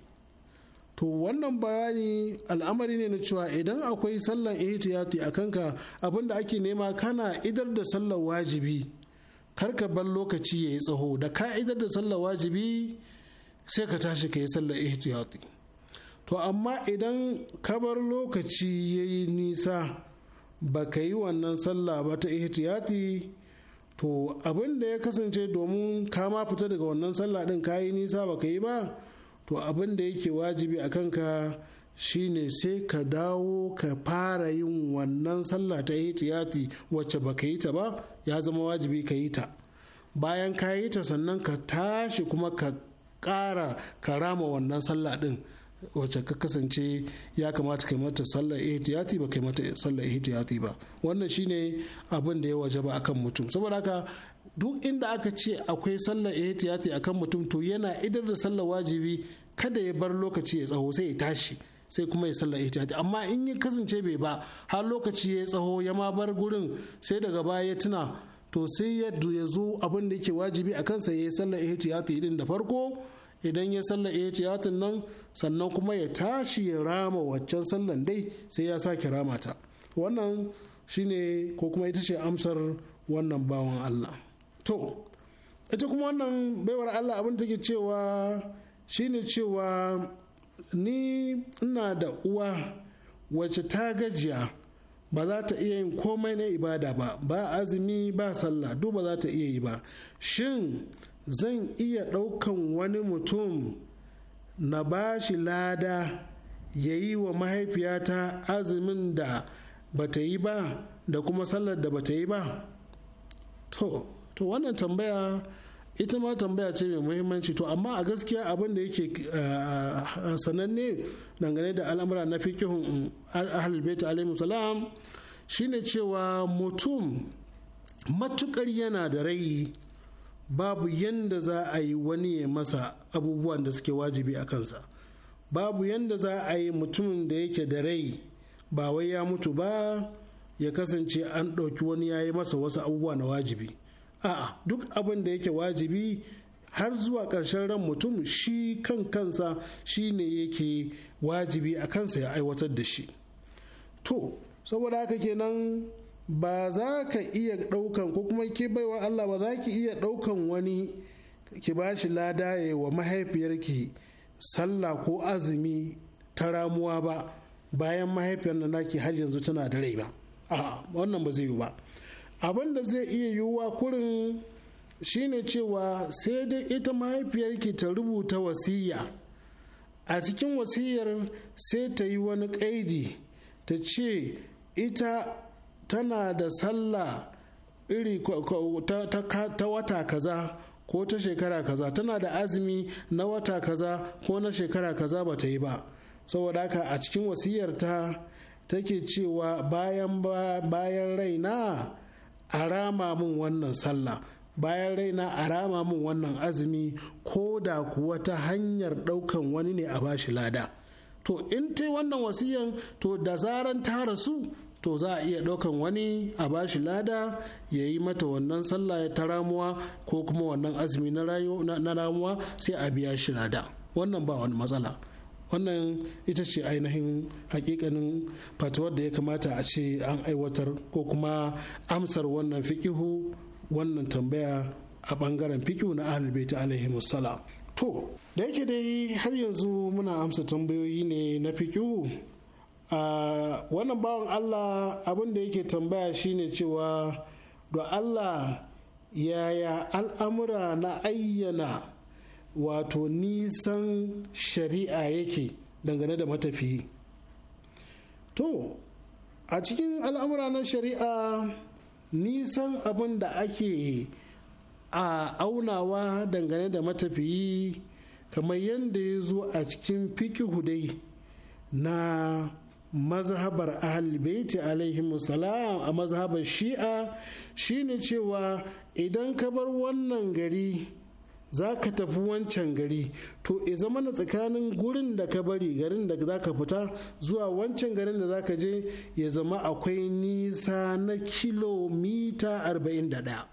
to wannan bayani al'amari ne na cewa idan akwai sallan ihtiyati a kanka abinda ake nema kana idar da sallar wajibi ka bar lokaci ya yi tsaho da ka idar da sallar wajibi sai ka tashi ka yi sallar ihtiyati to amma idan kabar lokaci ya yi nisa ba ka yi wannan sallah ba ta ihtiyati to abin da ya kasance domin kama fita daga wannan sallah din ka yi nisa ba ka yi ba to abin da yake wajibi a kanka shine sai ka dawo ka fara yin wannan sallah ta ihtiyati wacce ba ka yi ta ba ya zama wajibi ka yi ta bayan ka yi ta sannan ka tashi kuma ka ƙara ka rama wannan sallah din wacce ka kasance ya kamata kai mata sallar ihtiyati ba kai mata sallar ihtiyati ba wannan shine abin da ya waje ba akan mutum saboda haka duk inda aka ce akwai sallar ihtiyati akan mutum to yana idar da sallar wajibi kada ya bar lokaci ya tsaho sai ya tashi sai kuma ya sallar ihtiyati amma in ya kasance bai ba har lokaci ya tsaho ya ma bar gurin sai daga baya ya tuna to sai ya zo abin da yake wajibi akan kansa ya yi sallar ihtiyati din da farko idan ya sallar ihtiyatin nan sannan kuma ya tashi ya rama waccan sallan dai sai ya sake rama ta wannan shine ko kuma ita ce amsar wannan bawan Allah to ita kuma wannan baiwar Allah abin take cewa shine cewa ni ina da uwa wacce ta gajiya ba za ta iya yin komai na ibada ba ba azumi ba sallah duk ba za ta iya yi ba shin zan iya ɗaukan wani mutum na ba shi lada ya yi wa mahaifiyata azumin da bata yi ba da kuma sallar da bata yi ba to wannan tambaya ita ma tambaya ce mai muhimmanci to amma a gaskiya abin da yake eh, eh, sananne dangane da al'amura na fikihun ahalbaita alaihi salam shine cewa mutum matukar yana da rai babu yadda za a yi wani ya masa abubuwan da suke wajibi a kansa babu yadda za a yi mutumin da yake da rai ba wai ya mutu ba ya kasance an ɗauki wani ya yi masa wasu abubuwa na wajibi a'a duk abin da yake wajibi har zuwa ƙarshen ran mutum shi kan kansa shi ne yake wajibi a kansa ya aiwatar da shi to saboda haka kenan ba za ka iya ɗaukan ko kuma ke baiwa Allah ba za ki iya ɗaukan wani ki ba shi lada ya wa mahaifiyarki sallah ko azumi ta ramuwa ba bayan mahaifiyar na naki har yanzu tana da rai ba a wannan ba zai yi ba abin da zai iya yiwuwa kurin shine cewa sai dai ita mahaifiyarki ta rubuta wasiya a cikin wasiyar sai ta yi wani kaidi ta ce ita tana da sallah iri ta wata kaza ko ta shekara kaza tana da azumi na wata kaza ko na shekara kaza ba ta yi ba saboda haka a cikin wasiyarta take cewa bayan bayan raina a rama min wannan sallah bayan raina a rama min wannan azumi ko da kuwa ta hanyar ɗaukan wani ne a bashi lada to in ta wannan wasiyan to da zaran ta rasu to za a iya ɗaukan wani a bashi lada ya yi mata wannan sallah ta ramuwa ko kuma wannan azumi na ramuwa sai a biya shi lada wannan ba wani matsala wannan ita ce ainihin hakikanin fatuwar da ya kamata a ce an aiwatar ko kuma amsar wannan fikihu wannan tambaya a bangaren fikihu na ahalibaita alaihi musala to da yake dai har yanzu muna amsa tambayoyi ne na fikihu A wannan bawan allah abin da yake tambaya shine cewa ga allah yaya al'amura na ayyana wato nisan shari'a yake dangane da matafiyi to a cikin al'amura na shari'a nisan abin da ake a aunawa dangane da matafiyi kamar yadda ya zo a cikin fikihudai na mazhabar ahalbaiti alaihi a mazhabar shi'a shine cewa idan ka bar wannan gari za ka tafi wancan gari to e zama na tsakanin gurin da ka bari garin da za ka fita zuwa wancan garin da za ka je ya zama akwai nisa na kilomita 41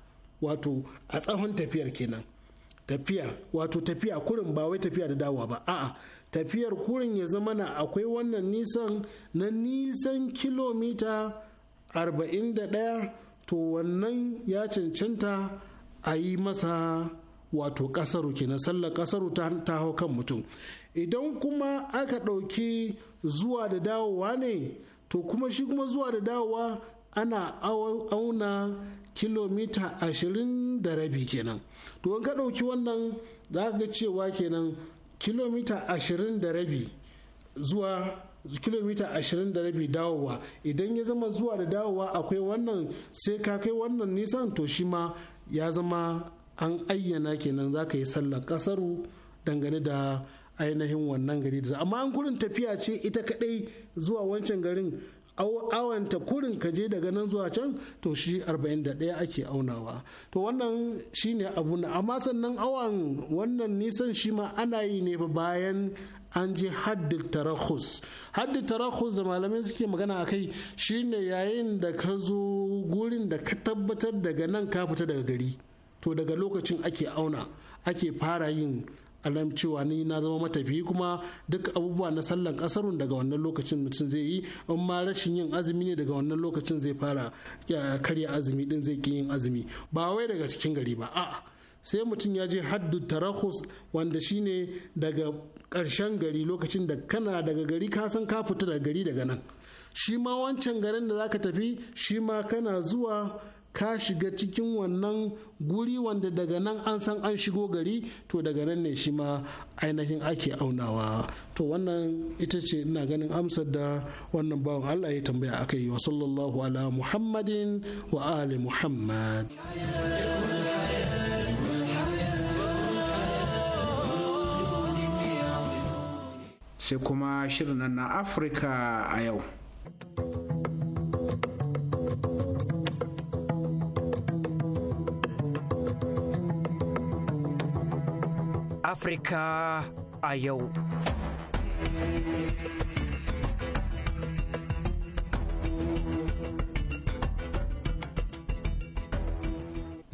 wato a tsawon tafiyar kenan tafiya wato tafiya kurin ba wai tafiya da dawa ba a'a tafiyar kurin ya zama na akwai wannan nisan na nisan kilomita 41 to wannan ya cancanta a yi masa wato kasaru kenan sallar kasaru ta hau kan mutum idan kuma aka ɗauki zuwa da dawowa ne to kuma shi kuma zuwa da dawowa ana auna kilomita ashirin da rabi kenan to ka ɗauki wannan za ka cewa kenan kilomita ashirin da rabi dawowa idan ya zama zuwa da dawowa akwai wannan sai ka kai wannan nisan to shi ma ya zama an ayyana kenan za ka yi sallar kasaru dangane da ainihin wannan gari da amma an kurin tafiya ce ita kadai zuwa wancan garin awanta kurin ka je daga nan zuwa can to shi 41 ake aunawa to wannan shi abu na amma sannan awan wannan nisan shi ma ana yi ne bayan an je haddin tarahus haddin tarahus da malamai suke magana a kai shine yayin da ka zo gurin da ka tabbatar daga nan ka fita daga gari to daga lokacin ake auna ake fara yin alam cewa ni na zama matafiyi kuma duk abubuwa na sallan kasarun daga wannan lokacin mutum zai yi in ma rashin yin azumi ne daga wannan lokacin zai fara karya azumi din zai ki yin azumi ba wai daga cikin gari ba a'a sai mutum ya je haddu tarahus wanda shine daga ƙarshen gari lokacin da kana daga gari ka san ka fita daga gari daga nan shi ma wancan garin da zaka tafi shi ma kana zuwa ka shiga cikin wannan guri wanda daga nan an san an shigo gari to daga nan ne shi ma ainihin ake aunawa to wannan ita ce ina ganin amsar da wannan bawan Allah ya tambaya aka yi wa sallallahu ala muhammadin wa ali muhammad sai kuma shirin na afirka a yau Afirka a yau.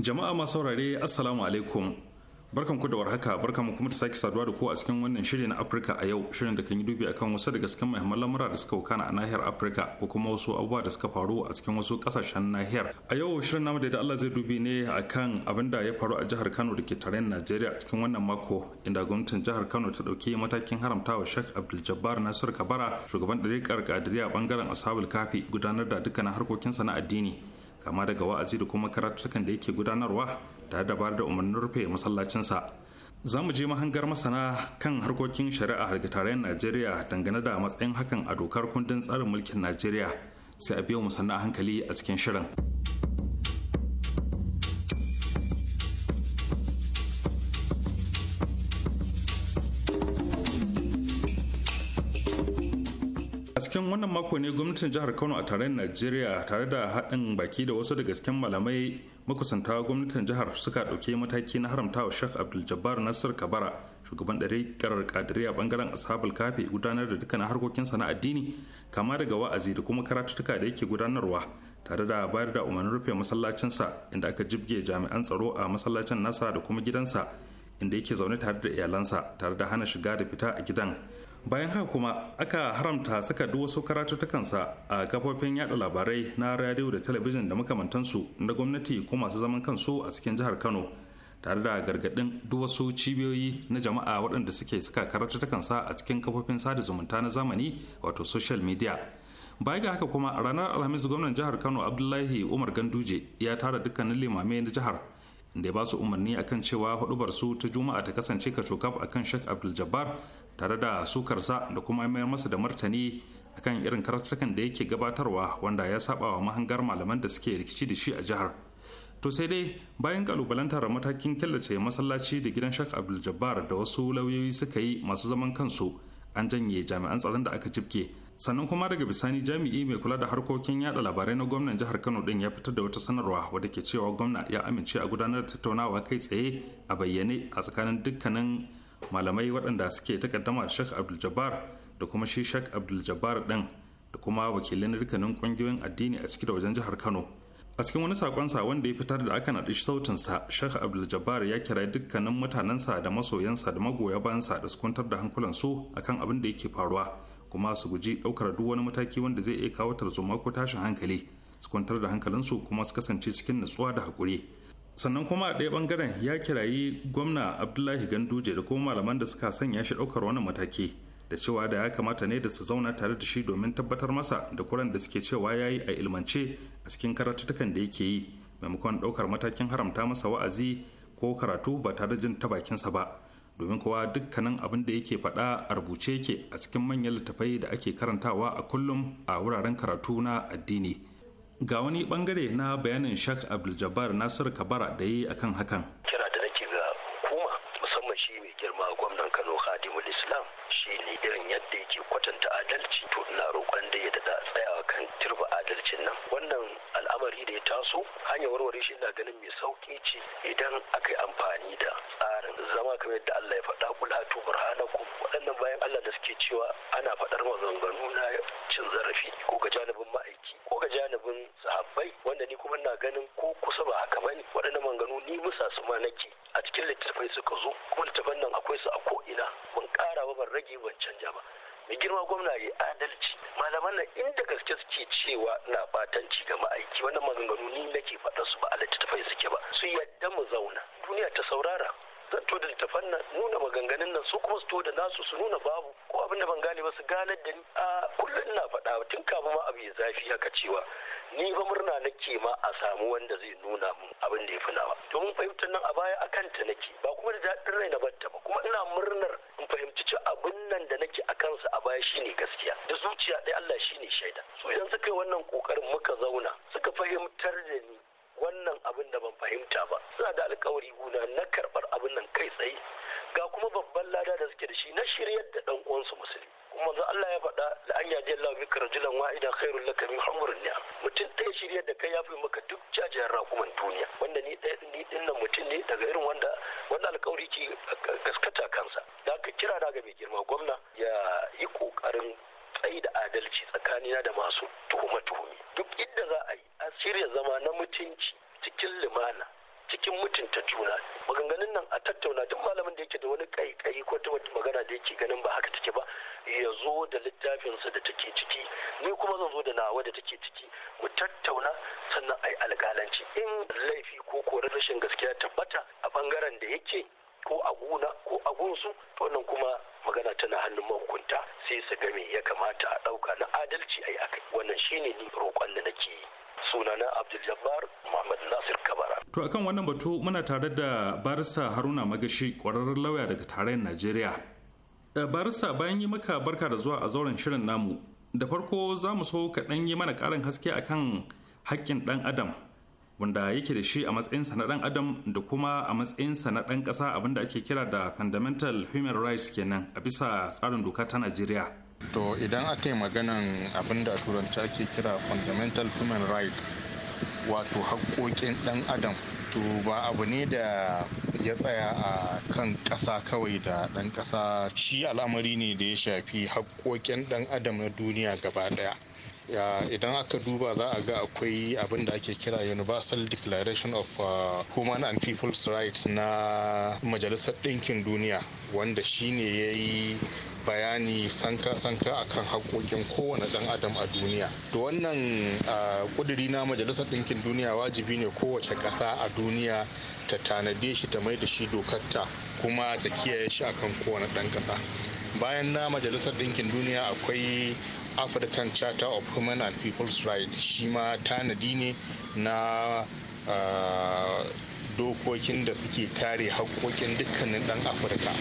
Jama'a masu saurare Assalamu alaikum barkan ku da warhaka barkan mu kuma ta sake saduwa da ku a cikin wannan shiri na Afirka a yau shirin da kan yi dubi akan wasu daga cikin muhimman lamura da suka wakana a nahiyar Afirka ko kuma wasu abubuwa da suka faru a cikin wasu kasashen nahiyar a yau shirin namu da Allah zai dubi ne akan abin da ya faru a jihar Kano da ke tarayyar Najeriya a cikin wannan mako inda gwamnatin jihar Kano ta dauki matakin haramtawa Sheikh Abdul Jabbar Nasir Kabara shugaban dariƙar Kadiriya bangaren Ashabul Kafi gudanar da dukkanin harkokinsa na addini kama daga wa'azi da kuma karatukan da yake gudanarwa tare da bayar da umarnin rufe masallacinsa za mu je mahangar masana kan harkokin shari'a daga tarayyar najeriya dangane da matsayin hakan a dokar kundin tsarin mulkin najeriya sai a biyo mu sannan hankali a cikin shirin. a cikin wannan mako ne gwamnatin jihar kano a tarayyar najeriya tare da haɗin baki da wasu da gasken malamai makusantawa gwamnatin jihar suka ɗauki mataki na haramtawa sheikh abdul jabbar nasir kabara shugaban kadiri a bangaren ashabul kafe gudanar da dukkan harkokin sana addini kama daga wa'azi da kuma karatuttuka da yake gudanarwa tare da bayar da umarnin rufe masallacinsa inda aka jibge jami'an tsaro a masallacin nasa da kuma gidansa inda yake zaune tare da iyalansa tare da hana shiga da fita a gidan bayan haka kuma aka haramta saka duk wasu karatuttukansa a kafofin yada labarai na radio da talabijin da makamantansu na gwamnati ko masu zaman kansu a cikin jihar kano tare da gargaɗin duk wasu cibiyoyi na jama'a waɗanda suke saka karatuttukansa a cikin kafofin sada zumunta na zamani wato social media baya ga haka kuma ranar alhamis gwamnan jihar kano abdullahi umar ganduje ya tara dukkanin limamai na jihar da ya ba su umarni akan cewa hudubar su ta juma'a ta kasance kacokaf akan sheikh abdul jabbar tare da sukarsa da kuma mayar masa da martani akan irin karatukan da yake gabatarwa wanda ya saba wa mahangar malaman da suke rikici da shi a jihar to sai dai bayan kalubalantar matakin killace masallaci da gidan shak abdul jabbar da wasu lauyoyi suka yi masu zaman kansu an janye jami'an tsaron da aka jibke sannan kuma daga bisani jami'i mai kula da harkokin yada labarai na gwamnan jihar kano din ya fitar da wata sanarwa wadda ke cewa gwamna ya amince a gudanar da tattaunawa kai tsaye a bayyane a tsakanin dukkanin malamai waɗanda suke takaddama da shak abdul da kuma shi shak abdul jabbar ɗin da kuma wakilin rikanin ƙungiyoyin addini a ciki da wajen jihar kano a cikin wani sa wanda ya fitar da aka naɗi sautinsa shak abdul jabbar ya kira dukkanin mutanensa da masoyansa da magoya bayansa da su kwantar da hankulansu akan abin da yake faruwa kuma su guji ɗaukar duk wani mataki wanda zai iya kawo tarzoma ko tashin hankali su kwantar da hankalinsu kuma su kasance cikin natsuwa da haƙuri sannan kuma a ɗaya bangaren ya kirayi gwamna abdullahi ganduje da kuma malaman da suka sanya shi ɗaukar wannan mataki da cewa da ya kamata ne da su zauna tare da shi domin tabbatar masa da kuran da suke cewa ya yi a ilmance a cikin karatutukan da yake yi maimakon ɗaukar matakin haramta masa wa'azi ko karatu ba tare jin ta bakinsa ba domin kowa dukkanin abin da yake faɗa a rubuce yake a cikin manyan littattafai da ake karantawa a kullum a wuraren karatu na addini. ga wani bangare na bayanin shak abdul jabbar nasiru kabara da yi akan hakan abin nan kai tsaye ga kuma babban lada da suke da shi na shiryar da dan uwansu musulmi kuma manzo Allah ya faɗa la an yaji Allah bi karjulan wa'ida khairul lakum min hamrul ni'am mutum shiryar da kai ya fi maka duk jajiyar rakuman duniya wanda ni ɗaya ni dinnan mutum ne daga irin wanda wanda alƙawari ke gaskata kansa da ka kira daga mai girma gwamna ya yi kokarin tsayi da adalci tsakanina da masu tuhume-tuhume duk inda za a yi a shirya zama na mutunci cikin limana cikin mutunta juna maganganun nan a tattauna duk malamin da yake da wani kaikayi ko ta wata magana da yake ganin ba haka take ba ya zo da littafinsa da take ciki ni kuma zan zo da nawa da take ciki mu tattauna sannan ai alƙalanci in laifi ko ko rashin gaskiya tabbata a bangaren da yake ko a gona ko a gunsu wannan kuma magana tana hannun mahukunta sai su game ya kamata a ɗauka na adalci a yi akai wannan shine ni roƙon da nake sunana abdul jabbar muhammad nasir kabara to akan wannan batu muna tare da barista haruna magashi ƙwararren lauya daga tarayyar najeriya eh, barista bayan yi maka barka da zuwa a zauren shirin namu da farko za mu so kaɗan yi mana ƙarin haske akan haƙƙin ɗan adam wanda yake da shi a matsayinsa na dan adam da kuma a matsayinsa na dan kasa abinda ake kira da fundamental human rights kenan a bisa tsarin doka ta najeriya to idan aka yi maganan abinda a turanci ake kira fundamental human rights wato haƙoƙin ɗan adam to ba abu ne da ya tsaya a kan ƙasa kawai da ɗan ƙasa shi al'amari ne da ya shafi haƙoƙin ɗan adam na duniya gaba ɗaya idan aka duba za a ga akwai abin da ake kira universal declaration of uh, human and people's rights na majalisar ɗinkin duniya wanda shine ya yi bayani sanka-sanka akan haƙoƙin kowane ɗan adam a duniya da wannan uh, ƙuduri na majalisar ɗinkin duniya wajibi ne kowace ƙasa a duniya ta tanade shi ta mai da shi dokarta kuma ta kiyaye shi akan kowane ɗan ƙasa bayan na majalisar ɗinkin duniya akwai african charter of human and people's rights shi ma tanadi ne na ah, dokokin da suke kare haƙƙoƙin dukkanin ɗan afirka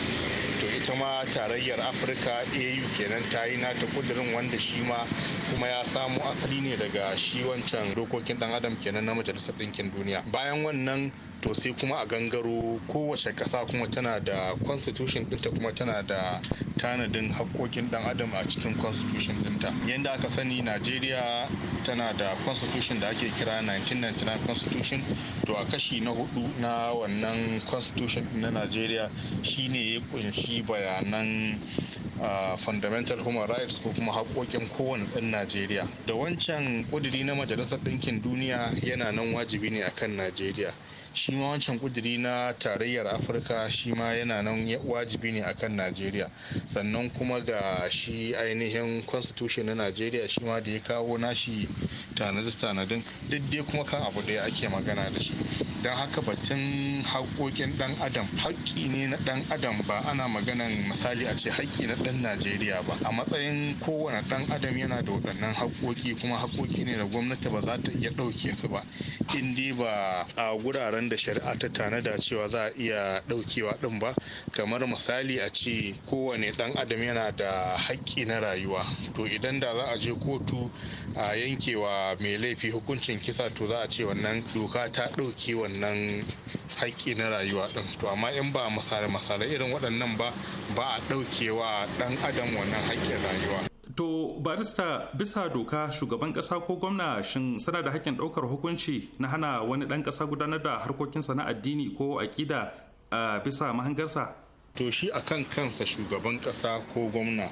to ita ma tarayyar afirka au kenan ta yi nata kudirin wanda shi ma kuma ya samo asali ne daga shi wancan dokokin ɗan adam kenan na majalisar ɗinkin duniya bayan wannan to sai kuma a gangaro kowace ƙasa kuma tana da constitution ɗinta kuma tana da tanadin haƙƙoƙin ɗan adam a cikin constitution ɗinta yadda aka sani najeriya tana da constitution da ake kira 1999 constitution to a kashi na hudu na wannan constitution na najeriya shine ya kunshi bayanan ah, fundamental human rights ko kuma haƙoƙin kowane ɗan najeriya da wancan ƙuduri na majalisar ɗinkin duniya yana nan wajibi ne akan najeriya shi ma wancan kuduri na tarayyar afirka shi ma yana nan wajibi ne akan najeriya sannan kuma ga shi ainihin constitution na najeriya shi ma da ya kawo nashi tanadi-tanadin duk dai kuma kan abu da ake magana da shi don haka batun haƙoƙin ɗan adam haƙƙi ne na ɗan adam ba ana maganan misali a ce haƙƙi na ɗan najeriya ba a matsayin kowane ɗan adam yana da waɗannan haƙoƙi kuma haƙoƙi ne da gwamnati ba za ta iya ɗauke su ba in ba a wuraren nan da shari'a ta tanada cewa za a iya ɗaukewa ɗin ba kamar misali a ce kowane ɗan adam yana da haƙƙi na rayuwa to idan da za a je kotu a yankewa mai laifi hukuncin kisa to za a ce wannan doka ta ɗauke wannan haƙƙi na rayuwa ɗin to amma in ba misali misalai irin waɗannan ba ba a ɗaukewa ɗan adam wannan haƙƙin rayuwa To barista bisa doka shugaban kasa ko gwamna shin suna da hakkin ɗaukar hukunci na hana wani ɗan ƙasa gudanar da harkokinsa na addini ko aƙida a bisa mahangarsa? To shi a kan kansa shugaban ƙasa ko gwamna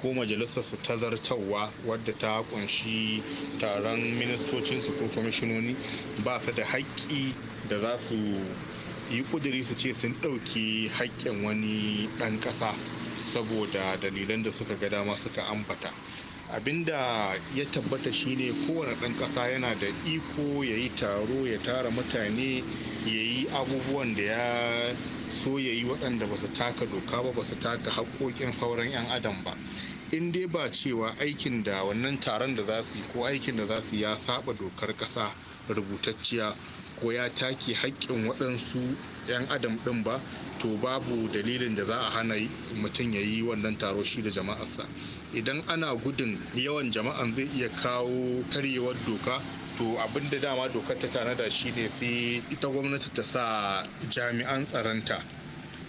ko su ta zartarwa wadda ta kunshi taron ministocinsu ko kwamishinoni ba su da haƙƙi da za su yi ƙudiri su ce sun ɗauki haƙƙin wani ɗan ƙasa saboda dalilan da suka ga dama suka ambata abinda ya tabbata shine kowane ɗan ƙasa yana da iko ya yi taro ya tara mutane ya yi abubuwan da ya so ya yi waɗanda ba su taka doka ba ba su taka haƙoƙin sauran 'yan adam ba in dai ba cewa aikin da wannan taron da za su yi ko aikin da za su yi ya saba dokar ƙasa rubutacciya ko ya take haƙƙin waɗansu 'yan adam ɗin ba to babu dalilin da za a hana mutum ya yi wannan taro shi da jama'arsa idan ana gudun yawan jama'an zai iya kawo karyewar doka to abinda dama dokar ta tanada ne sai ita gwamnati ta sa jami'an tsaronta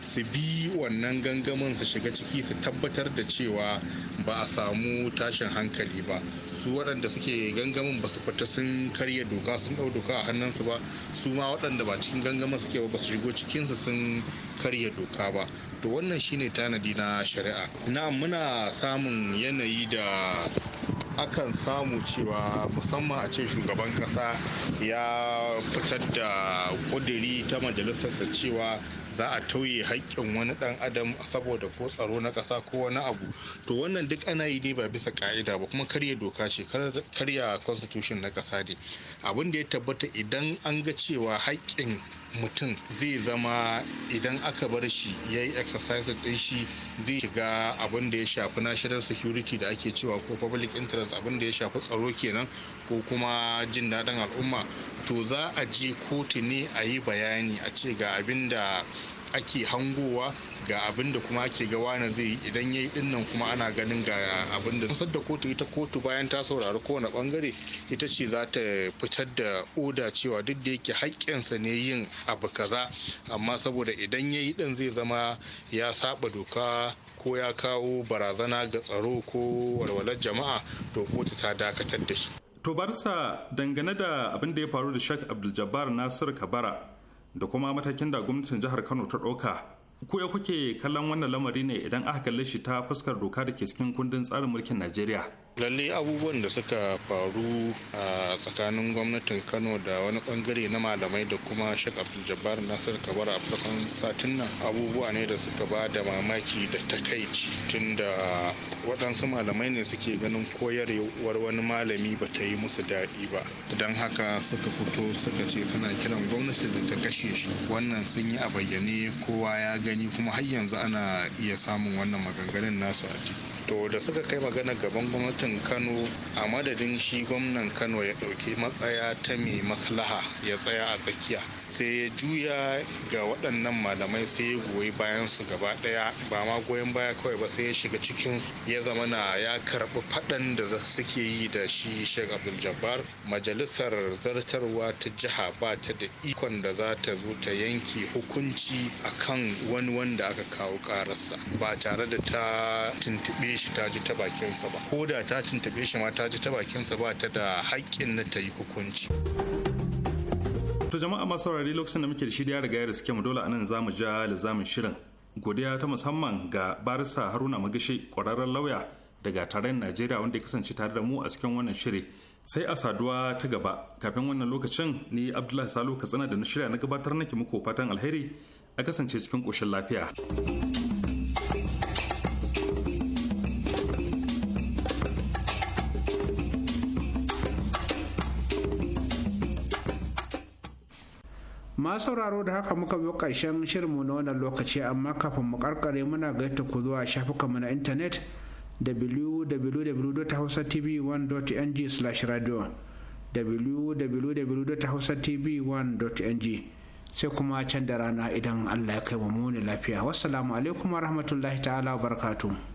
su bi wannan gangamin su shiga ciki su tabbatar da cewa ba a samu tashin hankali ba su waɗanda suke gangamin ba su fita sun karya doka sun ɗau doka a hannunsu ba su ma waɗanda ba cikin gangamin suke ba su shigo cikinsu sun karya doka ba to wannan shine tanadi na shari'a na muna samun yanayi da akan samu cewa musamman a ce shugaban kasa ya fitar da ƙudiri ta majalisarsa cewa za a tauye haƙƙin wani ɗan adam saboda ko tsaro na ƙasa ko wani abu to wannan duk ana yi ne ba bisa ƙa'ida ba kuma karya doka ce karya constitution na ƙasa ne abin da ya tabbata idan an ga cewa haƙƙin mutum zai zama idan aka bar shi ya yi exercise din shi zai shiga abin da ya shafi national security da ake cewa ko public interest abin da ya shafi tsaro kenan ko kuma jin daɗin al'umma to za a je kotu ne a yi bayani a ce ga abin da ake hangowa ga abin da kuma ake ga wani zai yi idan ya yi dinnan kuma ana ganin ga abin da da kotu ita kotu bayan ta saurari kowane bangare ita ce za ta fitar da oda cewa duk da yake haƙƙinsa ne yin abu kaza amma saboda idan ya yi din zai zama ya saba doka ko ya kawo barazana ga tsaro ko walwalar jama'a to kotu ta dakatar da shi to barsa dangane da abin da ya faru da shak abdul-jabbar nasir kabara da kuma matakin da gwamnatin jihar kano ta ɗauka ko ya kuke kallon wannan lamari ne idan aka kalle shi ta fuskar doka da ke cikin kundin tsarin mulkin najeriya Lallai abubuwan da suka faru a tsakanin gwamnatin kano da wani bangare na malamai da kuma shek abdul nasir kabar a farkon satin nan abubuwa ne da suka ba da mamaki da takaici tunda waɗansu malamai ne suke ganin koyarwar wani malami ba ta yi musu daɗi ba don haka suka fito suka ce suna kiran gwamnati da ta kashe shi wannan sun yi a bayyane kowa ya gani kuma har yanzu ana iya samun wannan maganganun nasu a ciki to da suka kai magana gaban gwamnati gwamnatin kano a madadin shi gwamnan kano ya ɗauki matsaya ta mai maslaha ya tsaya a tsakiya sai ya juya ga waɗannan malamai sai ya goyi bayan su gaba ɗaya ba ma goyon baya kawai ba sai ya shiga cikin su ya zama na ya karɓi faɗan da suke yi da shi sheikh abdul jabbar majalisar zartarwa ta jiha ba ta da ikon da za ta zo ta yanke hukunci akan wani wanda aka kawo ƙararsa ba tare da ta tuntuɓe shi ta ji ta bakinsa ba ko ta cintabe shi ma ta ji ta bakinsa ba ta da haƙƙin na ta yi hukunci. To jama'a masu saurari lokacin da muke da shi da ya riga da suke mu dole anan mu ja lizamin shirin. Godiya ta musamman ga Barisa Haruna Magashi ƙwararren lauya daga tarayyar Najeriya wanda ya kasance tare da mu a cikin wannan shiri. Sai a saduwa ta gaba kafin wannan lokacin ni Abdullahi Salo Katsina da na shirya na gabatar nake muku fatan alheri a kasance cikin koshin lafiya. ma sauraro da haka muka zo ƙarshen shirinmu na wannan lokaci amma kafin mu karkare muna gaita ku zuwa shafukanmu na intanet www.hausatv1.ng/radio www.hausatv1.ng sai kuma can da rana idan Allah ya kai mu muni lafiya wassalamu alaikum wa rahmatullahi ta'ala barkatu.